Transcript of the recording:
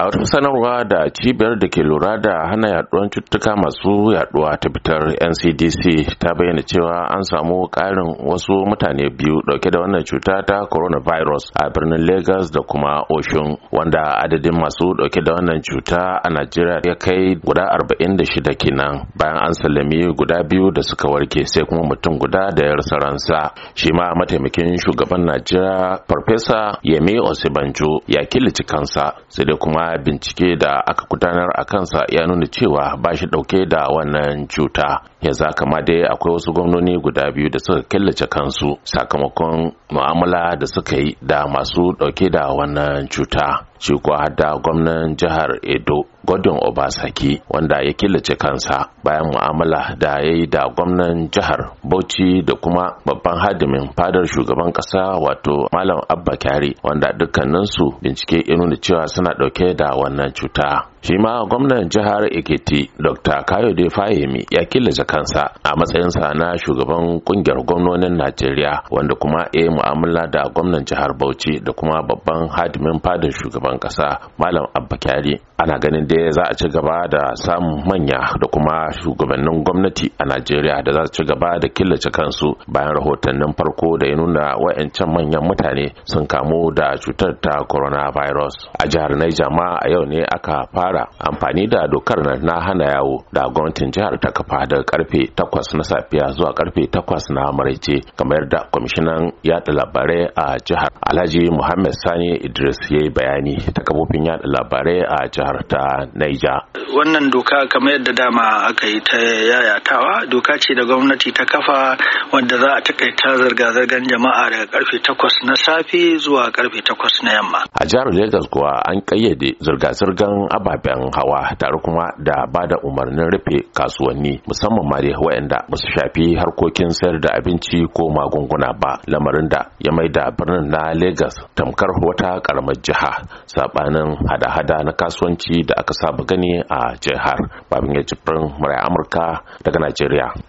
a wata sanarwa da cibiyar da ke lura da hana yaduwar cututtuka masu yaduwa ta fitar ncdc ta bayyana cewa an samu karin wasu mutane biyu dauke da wannan cuta ta coronavirus a birnin lagos da kuma oshun wanda adadin masu dauke da wannan cuta a najeriya ya kai guda 46 kenan bayan an sallami guda biyu da suka warke sai kuma mutum guda da ya rasa ransa shi ma mataimakin shugaban najeriya farfesa yemi osibanjo ya killace kansa sai dai kuma bincike da aka gudanar a kansa ya nuna cewa ba shi dauke da wannan cuta ya za kama dai akwai wasu gwamnoni guda biyu da suka killace kansu sakamakon mu'amala da suka yi da masu dauke da wannan cuta shi kuwa har da gwamnan jihar edo gordon obasaki wanda ya killace kansa bayan mu'amala da ya yi da gwamnan jihar bauchi da kuma babban hadimin fadar shugaban kasa wato malam abba kyari wanda dukkaninsu bincike ya nuna cewa suna dauke da wannan cuta shi ma gwamnan jihar ekiti dr kayode fahimi ya killace kansa a matsayinsa na shugaban kungiyar gwamnonin najeriya wanda kuma ya yi mu'amala da gwamnan jihar bauchi da kuma babban hadimin fadin shugaban kasa malam abba kyari ana ganin dai za a ci gaba da samun manya da kuma shugabannin gwamnati a najeriya da za su ci gaba da killace kansu bayan rahotannin farko da ya nuna wayancan manyan mutane sun kamu da cutar ta coronavirus a jihar naija ma a yau ne aka fara fara amfani da dokar nan na hana yawo da gwamnatin jihar ta kafa daga karfe 8 na safiya zuwa karfe 8 na maraice kamar da kwamishinan yada labarai a jihar alhaji muhammad sani idris ya yi bayani ta kafofin yada labarai a jihar ta naija wannan doka kamar yadda dama aka yi ta yayatawa doka ce da gwamnati ta kafa wanda za a takaita zirga-zirgar jama'a daga karfe takwas na safe zuwa karfe takwas na yamma. A jihar Legas kuwa an kayyade zirga-zirgar ababen hawa tare kuma da ba da umarnin rufe kasuwanni musamman ma da waɗanda ba su shafi harkokin sayar da abinci ko magunguna ba lamarin da ya mai da birnin na Legas tamkar wata karamar jiha sabanin hada-hada na kasuwanci da aka saba gani a jihar babin ya murai Amurka daga Najeriya. yeah